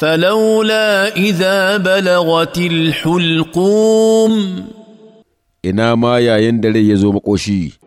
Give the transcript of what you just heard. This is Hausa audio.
فلولا إذا بلغت الحلقوم إنا ما يا يندري يزوم قوشي